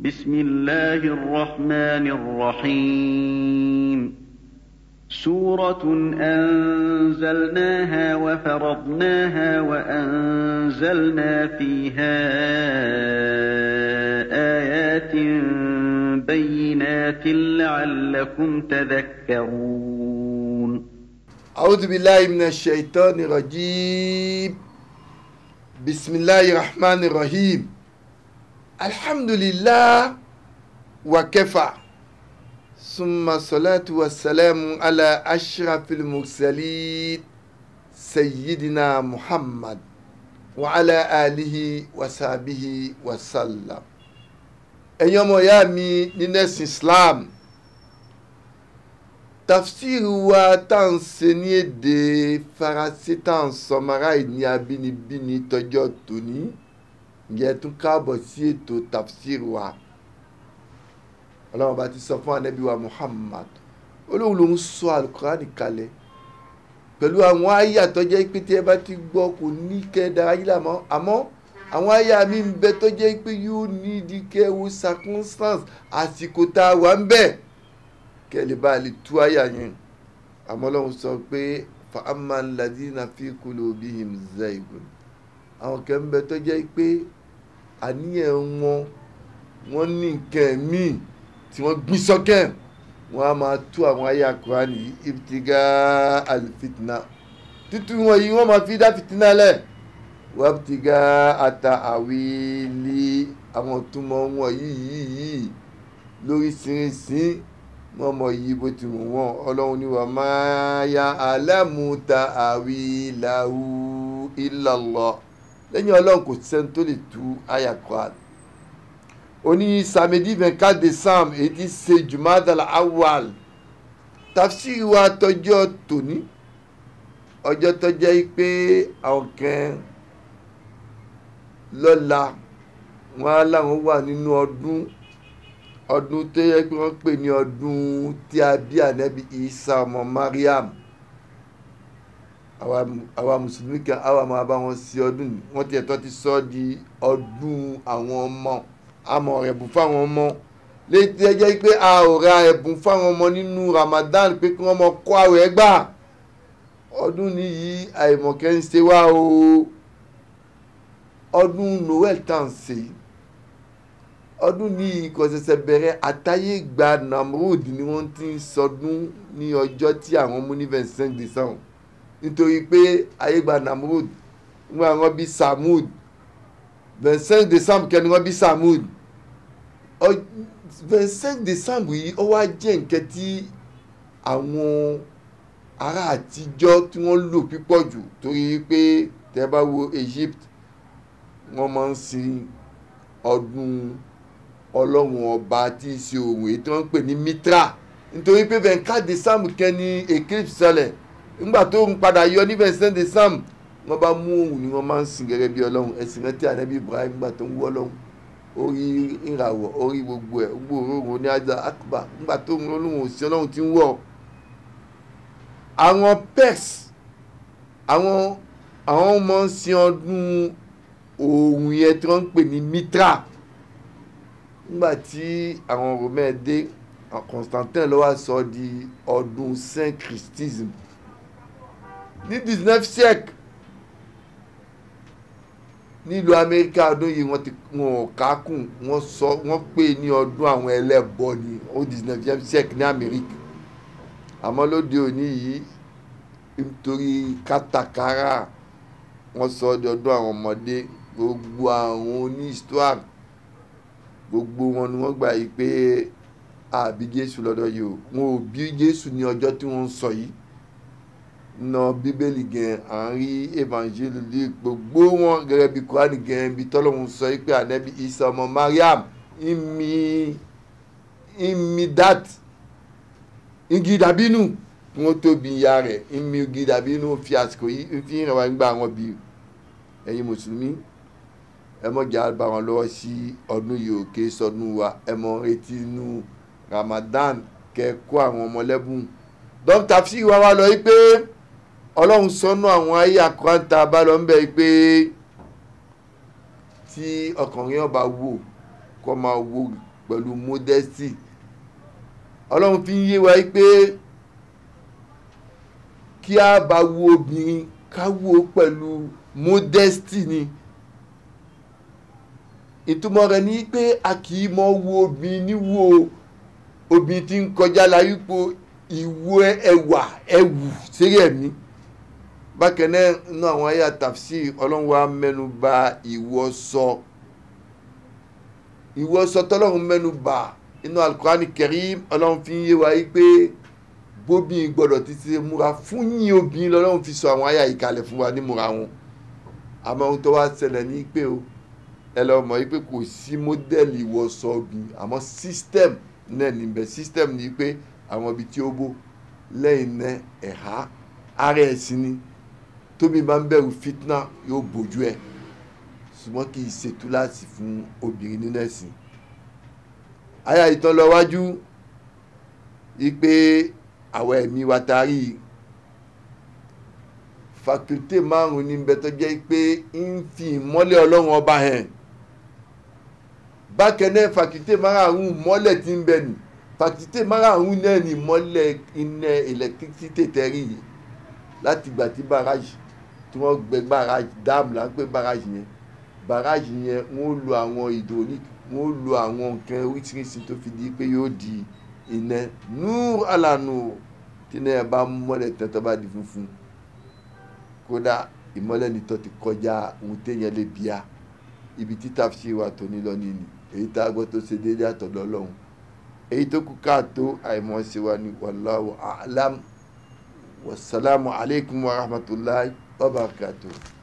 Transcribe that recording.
بسم الله الرحمن الرحيم سورة أنزلناها وفرضناها وأنزلنا فيها آيات بينات لعلكم تذكرون أعوذ بالله من الشيطان الرجيم بسم الله الرحمن الرحيم alhamdulillah wa kẹfà summa salatu wa salamu ala ashrafil mursalin sayyidina muhammad wa ala alihi wa sahbihi wa sallam ẹ̀yin ọmọ ìyá mi nínú ẹ̀sìn islam tafsiri wa tá à ń ṣe ní faransé tá à sọmara ìní abínibíni tọjọ́ tòní ǹjẹ́ tún káàbọ̀ sí ètò tafsir wa ọlọ́run bá ti sọ fún anabi wa muhammad olóhùn ló ń sọ alukurani kalẹ̀ pẹ̀lú àwọn àyà tó jẹ́ pé tí ẹ bá ti gbọ́ kò ní kẹ́ dára yín lámọ́ àmọ́ àwọn àyà mi ń bẹ tó jẹ́ pé yóò ní ìdí wo circumstance àsìkò tá a wà ń bẹ̀ kẹ́ lè bá a lè tú àyà yẹn àmọ́ ọlọ́run sọ pé fa amman ladina fi kulubihim àwọn kan bẹ tó jẹ́ pé àníyàn wọn wọ́n ní nǹkan míì tí wọ́n gbin sọ́kẹ́ wọn a máa tú àwọn àyà Kùránì yìí ibtiga alifitina tútù wọn yìí wọ́n máa fi dá fitina lẹ̀ wabtiga ata àwílí àwọn túmọ̀ wọn yìí yìí yìí lórí sínsìn wọn mọ yìí bó ti wù wọn ọlọ́run ni wà máa ya alámùta àwílàhù illallah lẹ́yìn ọlọ́run kò sẹ́ni tó lè tú àyà quran oní samedi 24 quatre décembre èyí tí ṣe jumadala awal tafsir wa tọjọ́ tòní ọjọ́ tọjọ́ yìí pé àwọn kan lọ́la wọn á láwọn wà nínú ọdún ọdún tó yẹ kí wọ́n pè ní ọdún tí a bí ànábì isa ọmọ mariam àwa mùsùlùmí kan àwa máa bá wọn sí ọdún wọn tiẹ̀ tó ti sọ di ọdún àwọn ọmọ àmọ́ ẹ̀bùn fáwọn ọmọ létí ẹ pé a ò ra ẹ̀bùn fáwọn ọmọ nínú Ramadan pé kí wọ́n mọ kó àwẹ̀ gbà ọdún nìyí àìmọ̀kẹ́ ń ṣe wá o ọdún noel tan ṣe ọdún nìyí kò bẹ̀rẹ̀ àtayé gba Namrud ni wọ́n ti ń sọdún ní ọjọ́ tí àwọn mú ní 25 december nítorí pé ayé gba namrud ńgbà wọn samud vingt cinq décembre kẹ́ni wọ́n bí samud vingt cinq décembre yìí ó wá jẹ́ nǹkan tí àwọn ará àtijọ́ tí wọ́n lò pípọ̀ jù torí pé tẹ́ bá wo Egypt wọ́n máa ń sin ọdún ọlọ́run ọba tí í ṣe òun èyí tí wọ́n ń pè ní Mitra nítorí pé vingt quatre décembre kẹ́ni eclipse ṣẹlẹ̀ ńgbà tó ń padà yọ ní vincent de sam wọ́n bá mú òun ni wọ́n máa ń sìn gẹ́gẹ́ bí ọlọ́run ẹ̀sìn rántí ànábì ibrahim ńgbà tó ń wú ọlọ́run orí ìràwọ̀ orí gbogbo ẹ̀ gbogbo òórùn ní ajá akpa ńgbà tó ń lọ́lọ́run òsì ọlọ́run ti ń wọ̀ àwọn pers àwọn àwọn ọmọ ń sin ọdún òòrùn yẹn tí wọ́n ń pè ní mitra nígbà tí àwọn romain Constantin ló wá sọ di ọdún saint christisme ní dix-neuf siècle nílùú amẹ́ríkà ọdún yìí wọ́n ti wọ́n ká kùn wọ́n sọ wọ́n pè ní ọdún àwọn ẹlẹ́bọ ní ó dix-neuvième siècle ní amẹ́ríkà àmọ́ lóde òní yìí nítorí kátàkárà wọ́n sọ ọ́ di ọdún àwọn ọmọdé gbogbo àwọn oní histoire gbogbo wọn ni wọ́n gbà yìí pé àbí jésù lọ́dọ̀ yìí o wọn ò bí jésù ní ọjọ́ tí wọ́n ń sọ yìí na bíbélì gan à ń rí evangelii luke gbogbo wọn gẹ́gẹ́ bí kúránì gan ibi tọ́lọ́hún sọ pé ànẹ́bí isa ọmọ mariam imi imi dat igi dàbínú wọn tóbi ya rẹ̀ imi igi dàbínú fi àsìkò yìí fi hàn wá nígbà wọn bí ẹ̀yin mùsùlùmí ẹ mọ̀ jà bá wọn lọ́wọ́ sí ọdún yìí òkè sọdún wa ẹ retí inú ramadan kẹ́ẹ̀kọ́ àwọn ọmọlẹ́bùn dókítà fi wá wá lọ yí pé ọlọ́run sọ́nà àwọn ayé àkọ́ńtà bá lọ ń bẹ̀ pé tí ọkùnrin ọba wò kó máa wò pẹ̀lú modesty ọlọ́run fi ń yé wa pé kí a bá wo obìnrin ká wo pẹ̀lú modesty ni ìtumọ̀ rẹ̀ ni pé a kì í mọ wo obìnrin níwò obìnrin tí ń kọjá la wípé ìwo ẹwà ẹwù sílẹ̀ mi. E bákan náà nínú àwọn àyà tafsir ọlọ́run wa mẹ́nu bà ìwọsọ ìwọsọ tọ́lọ́run mẹ́nu bà nínú alukurani karim ọlọ́run fi ń yé wa yí pé bóbi gbọ́dọ̀ títí múra fún yín obìnrin lọ́lọ́run fi sọ àwọn àyà ìkàlẹ̀ fún wa ní wọn àmọ́ ohun tó wá ṣẹlẹ̀ ní pé o ẹ lọ mọ̀ yí pé kò sí mọ́dẹ́lì ìwọsọ obìnrin àmọ́ system náà níbẹ̀ system ní pé àwọn ibi tí ó bó lẹ́yìn náà ẹ̀há ara ẹ̀sìn ni tóbi máa ń bẹ̀rù fitna yóò bójú ẹ̀ ṣùgbọ́n kì í ṣe túláàsì fún obìnrin nínú ẹ̀sìn. aya ìtàn lọ wájú ipe àwọn ẹ̀mí wa taari fakulté márùn ní bẹ tó jẹ́ pé ń fi ìmọ́lẹ̀ ọlọ́run ọba hàn bákan náà fakulté márùn mọ́lẹ̀ ti ń bẹ nì fakulté márùn náà ni mọ́lẹ̀ iná ẹ̀lẹ́tírísítì tẹ̀rí láti gbà bàrá yìí tí wọ́n gbẹ́ báràjì dáàmù là ń pè báràjì yẹn báràjì yẹn wọ́n lo àwọn hydraulic wọ́n lo àwọn nǹkan oríṣiríṣi tó fi di pé yóò di iná núr àlànà tí náà bá mọ́lẹ̀ tán tó bá di funfun kódà ìmọ́lẹ̀ nìtọ́ ti kọjá ohun téèyàn lè bíà ibi tí tàfsí wa tó ní lọ nìyí èyí tá a gbọ́ tó ṣe déédé àtọ̀dọ̀ ọlọ́run èyí tó kù káàtó àìmọ̀ ṣe wa ni wallahu a'lam wasalaamu aleykum wa rahmatulahi. وبركاته